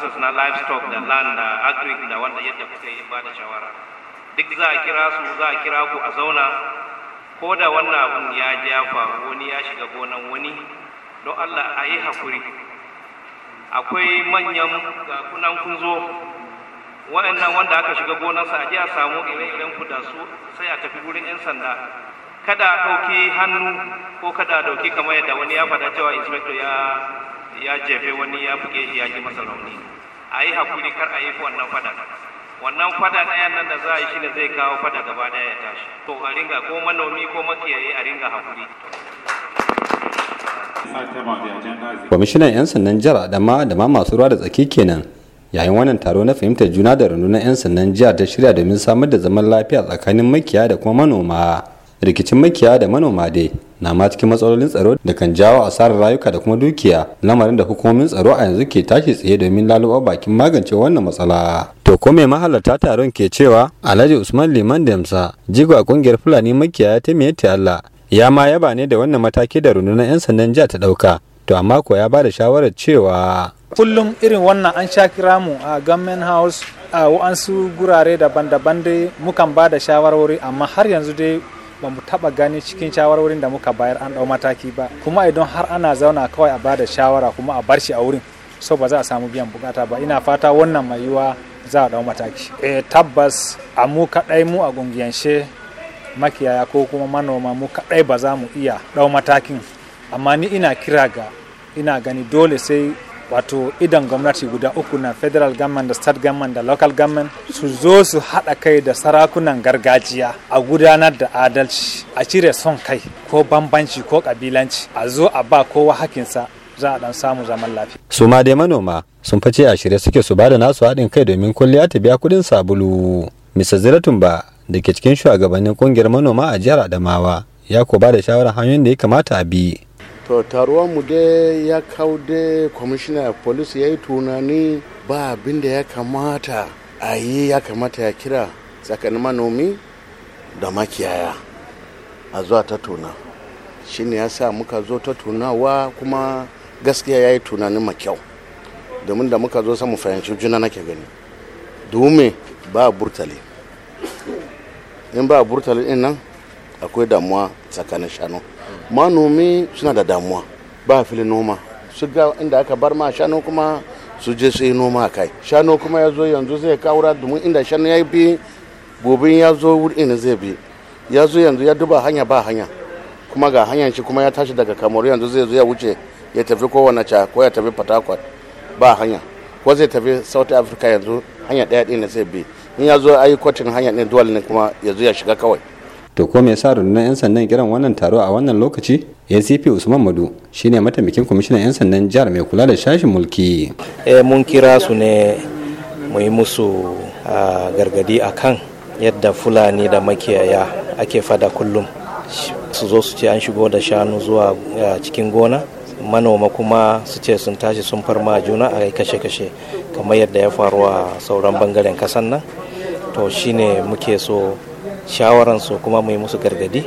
su na livestock da land da agric da wanda yadda kuka yi ba shawara duk za a kira su za a kira ku a zauna ko da wannan abun ya ji ya faru wani ya shiga gonan wani don allah a yi hakuri akwai manyan kunan kun zo wa'annan wanda aka shiga gonarsa a je a samu ire-iren ku da su sai a tafi wurin 'yan sanda kada a ɗauki hannu ko kada a ɗauki kamar yadda wani ya faɗa cewa inspector ya ya jefe wani ya buge shi ya ji masa rauni a yi hakuri kar a yi wannan fada wannan fada ɗayan nan da za a yi shi ne zai kawo fada gaba ɗaya ya tashi to a ringa ko manomi ko makiyayi a ringa hakuri kwamishinan 'yan sandan jihar adama da ma masu ruwa da tsaki kenan yayin wannan taro na fahimtar juna da rundunar 'yan sannan jihar ta shirya domin samar da zaman lafiya tsakanin makiya da kuma manoma rikicin makiya da manoma dai na ma cikin matsalolin tsaro da kan jawo asarar rayuka da kuma dukiya lamarin da hukumomin tsaro a yanzu ke tashi tsaye domin lalubar bakin magance wannan matsala to ko mai mahalarta taron ke cewa alhaji usman liman damsa a kungiyar fulani makiyaya ta mai Allah ya ma yaba ne da wannan mataki da rundunar 'yan sandan jiya ta dauka to amma ko ya ba da shawarar cewa kullum irin wannan an sha kira mu a government house a wa'ansu gurare daban-daban dai mukan ba da shawarwari amma har yanzu dai ba mu taba gani cikin shawarwarin da muka bayar an dau mataki ba kuma idan har ana zauna kawai a bada shawara kuma a bar shi a wurin so ba za a samu biyan bukata ba ina fata wannan mai yiwa za a dau mataki eh tabbas a mu kadai mu a gungiyanshe makiyaya ko kuma manoma mu kadai ba za mu iya dau matakin amma ni ina kira ga ina gani dole sai wato idan gwamnati guda uku na federal government da state government da local government su zo su haɗa kai da sarakunan gargajiya a gudanar da adalci a cire son kai ko bambanci ko kabilanci a zo a ba kowa hakinsa za a dan samu zaman lafiya. su ma dai manoma sun fice a shirye suke su bada nasu haɗin kai domin kulliya ta biya kuɗin sabulu. Mr. Ziratun ba da ke cikin shugabannin kungiyar manoma a jihar Adamawa ya ko ba da shawarar hanyoyin da ya kamata a bi to mu dai ya kawo dai kwamishina polis ya yi tunani ba abin da ya kamata a yi ya kamata ya kira tsakanin manomi da makiyaya a zuwa ta tuna ne ya sa muka zo ta tunawa kuma gaskiya ya yi tunanin makyau domin da muka zo samu fahimci juna nake gani dume ba burtali in ba burtali in nan akwai damuwa tsakanin shanu manomi suna da damuwa ba fili noma su ga inda aka bar ma shanu kuma su je su yi noma a kai shanu kuma ya zo yanzu zai kawura domin inda shanu ya yi bi gobin ya zo wuri ne zai bi ya zo yanzu ya duba hanya ba hanya kuma ga hanyar shi kuma ya tashi daga kamar yanzu zai zo ya wuce ya tafi kowane ca ko ya tafi patakwat ba hanya ko zai tafi south africa yanzu hanya daya ɗin zai bi in ya zo yi kwacin hanya ne dole ne kuma ya zo ya shiga kawai to ko me yasa rundunar 'yan sandan kiran wannan taro a wannan lokaci acp usman madu shine mataimakin kwamishinan 'yan sandan jihar mai kula da shashin mulki eh mun kira su ne mu yi musu gargadi a kan yadda fulani da makiyaya ake fada kullum su zo su ce an shigo da shanu zuwa cikin gona manoma kuma su ce sun tashi sun farma juna a kashe-kashe kamar yadda ya faru a sauran bangaren kasan nan to shine muke so shawaransu kuma mu yi musu gargadi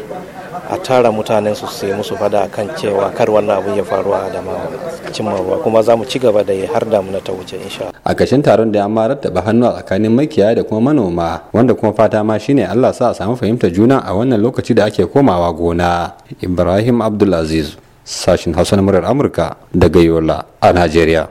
a tara mutanen su sai musu fada kan cewa kar wannan abin ya faru a adamawa cimma ruwa kuma za mu ci gaba da har da muna ta wuce insha a kashin taron da an marar rattaba hannu a tsakanin makiyaya da kuma manoma wanda kuma fata ma shine Allah sa a samu fahimtar juna a wannan lokaci da ake komawa gona Ibrahim Abdulaziz sashin Hausa na murar Amurka daga Yola a Najeriya